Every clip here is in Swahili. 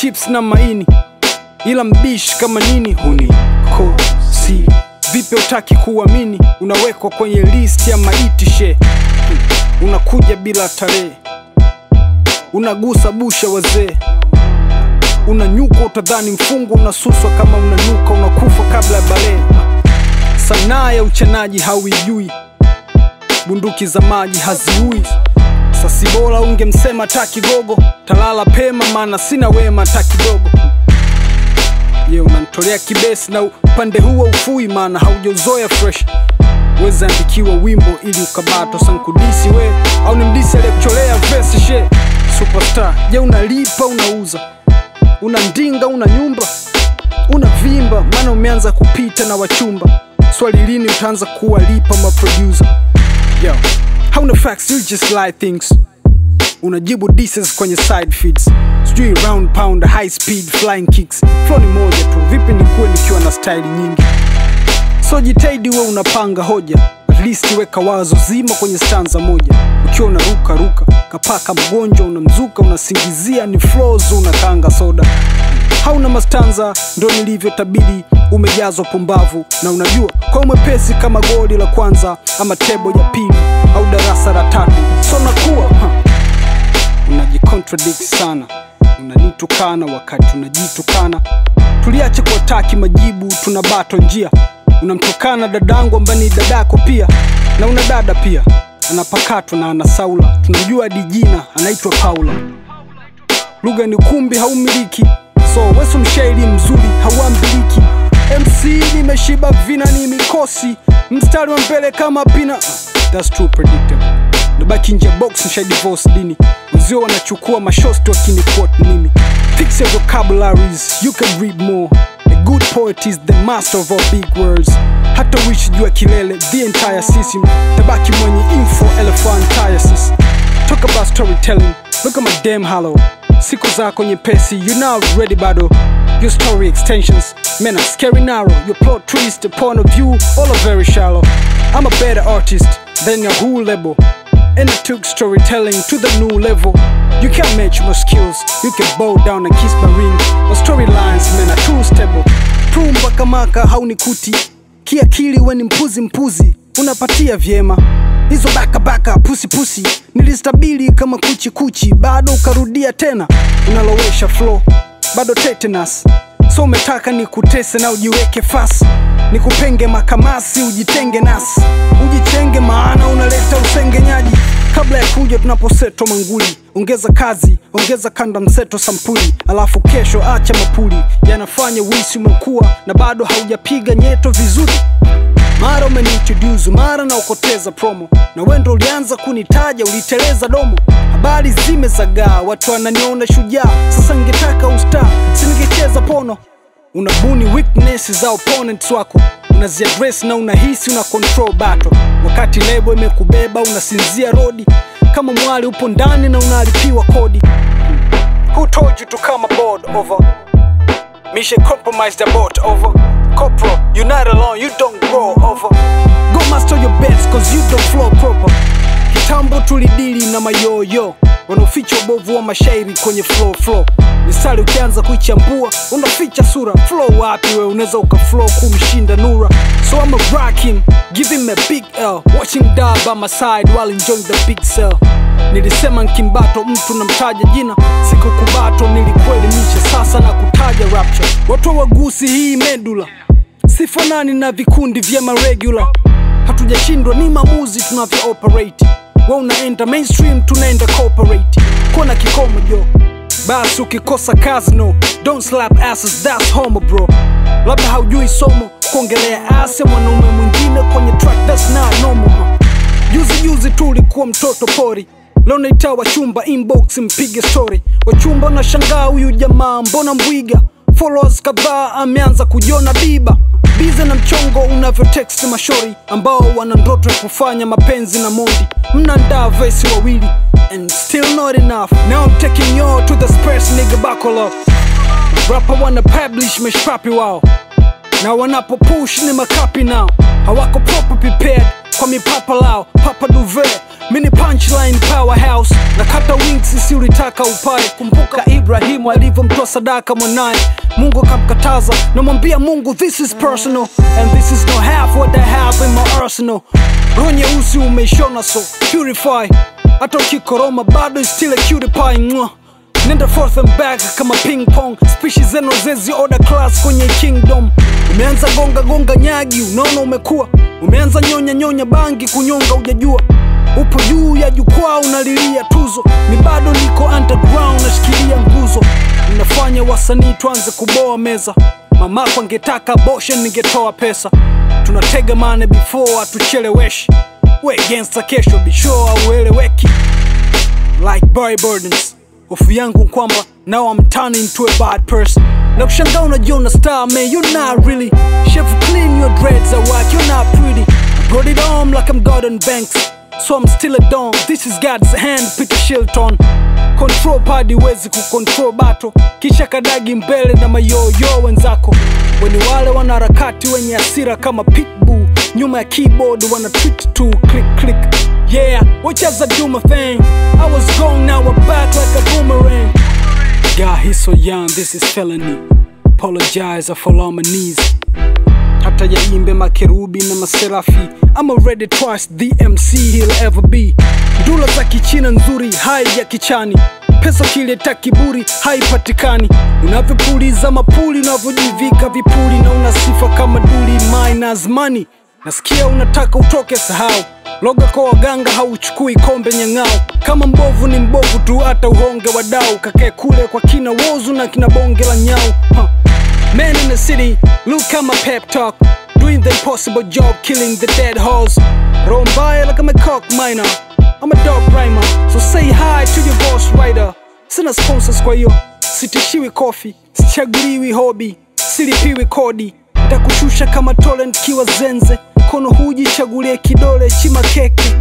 chips na maini, ila mbishi kama nini kosi Vipi utaki kuamini? Unawekwa kwenye list ya maiti she, unakuja bila tarehe, unagusa busha wazee unanyuka utadhani mfungu unasuswa kama unanuka unakufa kabla ya bale sanaa ya uchanaji hauijui bunduki za maji haziui si bora ungemsema ta kigogo, talala pema, maana sina wema ta kidogo. Ye unanitolea kibesi na upande huo ufui, maana haujozoea fresh weza andikiwa wimbo ili ukabato sankudisi we au ni mdisi aliyekucholea vesi she superstar je unalipa unauza una ndinga una nyumba una vimba maana umeanza kupita na wachumba swali lini utaanza kuwalipa maproducer Yeah hauna facts, you just lie things. Unajibu dises kwenye side feeds, sijui round pound, high speed, flying kicks. Flow ni moja tu, vipi ni nikuwe nikiwa na style nyingi? So jitahidi we unapanga hoja, at least weka wazo zima kwenye stanza moja. Ukiwa unaruka ruka, kapaka mgonjwa unamzuka, unasingizia ni flows, unakanga soda hauna mastanza, ndo nilivyo nilivyotabiri. Umejazwa pumbavu na unajua, kwa mwepesi kama goli la kwanza ama tebo ya pili au darasa la tatu so nakuwa unajicontradict sana unanitukana wakati unajitukana tuliache kuataki majibu tuna bato njia unamtukana dadangu ambaye ni dadako pia na una dada pia anapakatwa na anasaula tunajua hadi jina anaitwa paula lugha ni kumbi haumiliki so wesu mshairi mzuri hauambiliki mc nimeshiba vina ni mikosi mstari wa mbele kama pina that's too predictable nabaki nje box nisha divorce dini wazio wanachukua wakini wakinikot mimi fix your vocabularies you can read more a good poet is the master of all big words hata wish jua kilele the entire system tabaki mwenye info elefantiasis talk about storytelling look at my damn hollow siku zako nyepesi you now ready bado your story extensions Men are scary narrow, your plot twist, the point of view, all are very shallow. I'm a better artist than your whole label. And I took storytelling to the new level. You can't match my skills, you can bow down and kiss my ring. My storylines, men are too stable. Pumba kamaka haunikuti, kiakili we ni mpuzi mpuzi, unapatia vyema hizo pusi pusi nilistabili kama kuchi kuchi, bado ukarudia tena unalowesha flow bado tetanus so umetaka ni kutese na ujiweke fasi kupenge makamasi ujitenge nasi ujichenge maana unaleta usengenyaji kabla ya kuja tunaposeto manguli ongeza kazi ongeza kanda mseto sampuli alafu kesho acha mapuli yanafanya wisi umekuwa na bado haujapiga nyeto vizuri mara umeniintroduce, mara na ukoteza promo, na wendo ulianza kunitaja, uliteleza domo. Habari zimezagaa, watu wananiona shujaa. Sasa ningetaka usta siningecheza pono. Unabuni weakness za opponents wako, unaziaddress na unahisi una control battle, wakati lebo imekubeba unasinzia rodi kama mwali, upo ndani na unalipiwa kodi. Who told you to come aboard over? Mission compromised abort over corporal. You're not alone, you don't grow over. Go master your bets, cause you don't flow proper. Kitambo tulidili na mayoyo wanaoficha ubovu wa mashairi kwenye flow flow misali ukianza kuichambua unaficha sura flow wapi we unaweza flow kumshinda nura so I'm a rock him give him a big L watching dab by my side while enjoying the big cell nilisema nkimbato mtu na mtaja jina siku kubato nilikweli miche sasa na kutaja rapture watu wagusi hii medula sifanani na vikundi vya maregula hatujashindwa ni maamuzi tunavyo operate we unaenda mainstream tunaenda cooperate kona kikomo jo basi ukikosa kazino don't slap asses that's homo bro labda haujui somo kuongelea ase mwanaume mwingine kwenye track that's not normal juzi juzi tulikuwa mtoto pori leo wachumba inbox mpige story wachumba na huyu jamaa mbona mbwiga followers kadhaa ameanza kujiona biba Bize na mchongo unavyoteksti mashori ambao wana ndoto ya kufanya mapenzi na Mondi, mnandaa vesi wawili and still not enough. Now I'm taking you to the space, nigga buckle up. Rapper wana publish meshpapi wao na wanapo push ni makapi nao, hawako proper prepared kwa mipapa lao papa duvet Mini punchline powerhouse na kata wings si ulitaka upae. Kumbuka Ibrahimu alivyomtoa sadaka mwanaye, Mungu akamkataza. Namwambia Mungu, this is personal and this is not half what I have in my arsenal. Roho nyeusi umeishona, so purify. Hata ukikoroma bado still a cutie pie. Mwah. Nenda forth and back kama ping pong, spishi zeno zezi order class kwenye kingdom. Umeanza gonga gonga nyagi, unaona umekuwa. Umeanza nyonya nyonya bangi, kunyonga ujajua upo juu ya jukwaa unalilia tuzo, ni bado niko underground, nashikilia nguzo, ninafanya wasanii tuanze kuboa meza. Mamako angetaka boshe, ningetoa pesa. Tunatega mane before hatucheleweshi, we gangsta kesho bisho haueleweki. Like boy Burdens, hofu yangu kwamba now I'm turning to a bad person na kushanga unajiona star man you're not really chef clean your dreads at work you're not pretty I brought it home like I'm Gordon Banks so I'm still a don. This is God's hand, Peter Shilton. Control pad iwezi control bato, kisha kadagi mbele na mayoyo wenzako. you wale when wenye asira kama pitbull, nyuma ya keyboard wana tweet to click click. Yeah, watch as I do my thing. I was gone, now I'm back like a boomerang. God, he's so young, this is felony. Apologize, I fall on my knees hata yaimbe makerubi na maserafi ama ready twice MC he'll ever be ndula za kichina nzuri hai ya kichani pesa kileta kiburi haipatikani unavyopuliza mapuli unavyojivika vipuli na una sifa kama duli minus money nasikia unataka utoke sahau loga kwa waganga hauchukui kombe nyang'ao kama mbovu ni mbovu tu hata uhonge dau kakee kule kwa kina wozu na kina bonge la nyao Man in the city, look at my pep talk Doing the impossible job, killing the dead horse Roam by like I'm a cock miner I'm a dog primer, so say hi to your boss rider Sina sponsors kwa yo. sitishiwi kofi Sichaguliwi hobi, silipiwi kodi Takushusha kama tole nikiwa zenze Kono hujichagulie kidole chima keki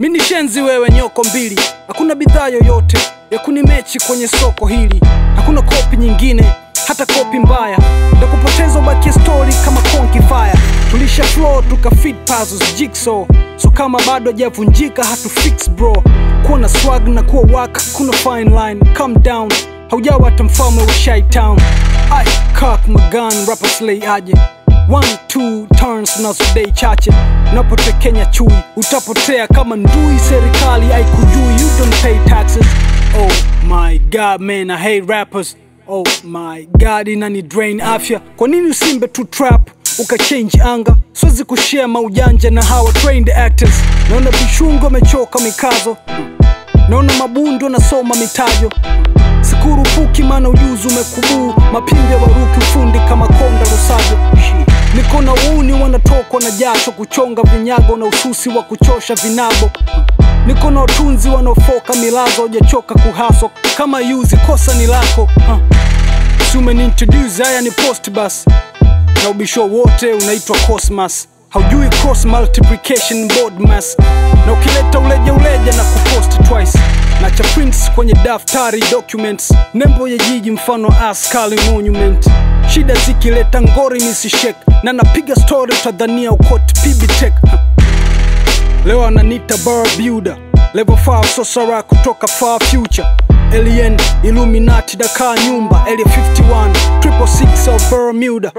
Mini shenzi wewe nyoko mbili Hakuna bidhaa yoyote ya kunimechi kwenye soko hili Hakuna kopi nyingine hata kopi mbaya ndakupoteza ubakie story kama konki fire tulisha flow tukafit puzzles jigsaw so kama bado hajavunjika hatu fix bro kuwa na swag na kuwa wak kuna fine line calm down haujawa hata mfalme wa shy town i cock my gun rapper slay aje one two turns nazo dei chache napote kenya chui utapotea kama ndui serikali aikujui you don't pay taxes oh my god man i hate rappers Oh my god, inani drain afya. Kwa nini usimbe tu trap ukachange anga? Siwezi kushare maujanja na hawa trained actors. Naona vishungo amechoka mikazo, naona Mabundo anasoma mitajo. Sikurupuki maana ujuzi umekubuu, mapimbi ya waruki ufundi kama konda Rusajo. Mikono uni wanatokwa na jasho, kuchonga vinyago na ususi wa kuchosha vinago niko watunzi wanaofoka milazo, wajachoka kuhaswa kama yuzi, kosa ni lako huh. umenintroduce haya ni post na ubisho wote unaitwa cosmas haujui cross multiplication board mass, na ukileta uleja uleja na kupost twice na cha prints kwenye daftari documents, nembo ya jiji mfano askali monument nikileta ngori misishek na napiga story utadhania ukot pibitek leo ananita bar builder sosara kutoka fa future alien illuminati dakaa nyumba area 51 triple bermuda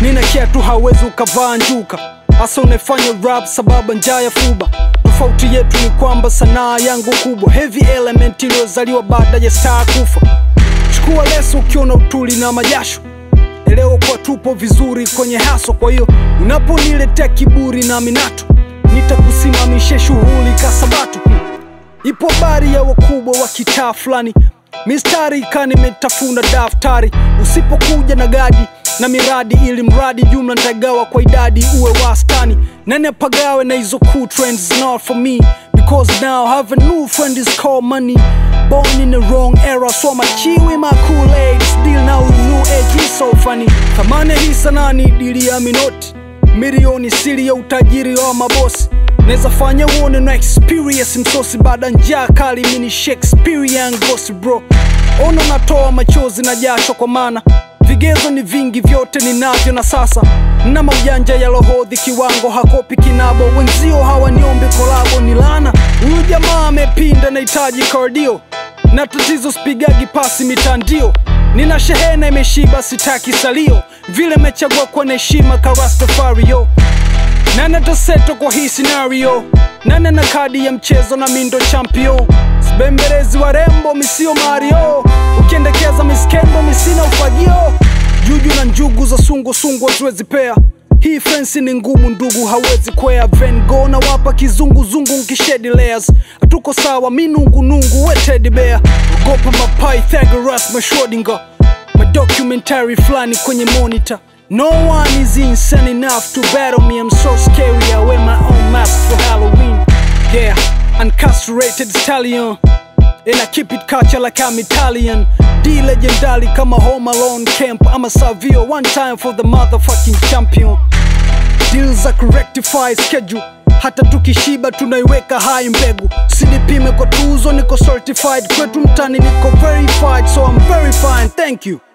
nina kiatu hawezi ukavaa njuka hasa unaefanya rap sababu njaa ya fuba tofauti yetu ni kwamba sanaa yangu kubwa heavy element iliyozaliwa baada ya saa kufa chukua lesu ukiona utuli na majasho leo kwa tupo vizuri kwenye haso. Kwa hiyo unaponiletea kiburi na minatu nitakusimamisha shughuli kasabatu. Ipo bari ya wakubwa wa kitaa fulani mistari ikani imetafuna daftari usipokuja na gadi na miradi ili mradi jumla nitagawa kwa idadi uwe wastani nene pagawe na hizo cool trends is not for me because now have a new friend is called money born in the wrong era so machiwi age still now new age is so funny thamani hisa nani dili ya minoti milioni siri ya utajiri wa mabosi Neza fanya uone na experience msosi baada njia kali mini shakespeare ngosi bro ono natoa machozi na jasho kwa mana vigezo ni vingi vyote ninavyo na sasa na maujanja ya lohodhi kiwango hakopi kinabo wenzio hawaniombe kolabo ni lana maa jamaa amepinda nahitaji kardio na tatizo spigagi pasi mitandio nina shehena imeshiba sitaki salio vile mechagua kwa heshima karastafario nana taseto kwa hii scenario nana na kadi ya mchezo na mindo champion sibembelezi wa rembo misio mario ukiendekeza miskendo misina ufagio juju na njugu za sungu sungu haziwezi pea hii fensi ni ngumu ndugu, hawezi kwea. Van Gogh na wapa kizunguzungu nkishedi layers, hatuko sawa, mi nungunungu we teddy bear. Ogopa ma Pythagoras ma documentary flani kwenye monitor No one is insane enough to battle me. I'm so scary. I wear my own mask for Halloween. Yeah, uncastrated stallion. And I keep it culture like I'm Italian. D legendary, come a home alone camp. I'm a Savio, one time for the motherfucking champion. Deals za kurectify schedule hata tukishiba tunaiweka hai mbegu, sinipime kwa tuzo, niko certified kwetu mtani, niko verified, so I'm very fine, thank you.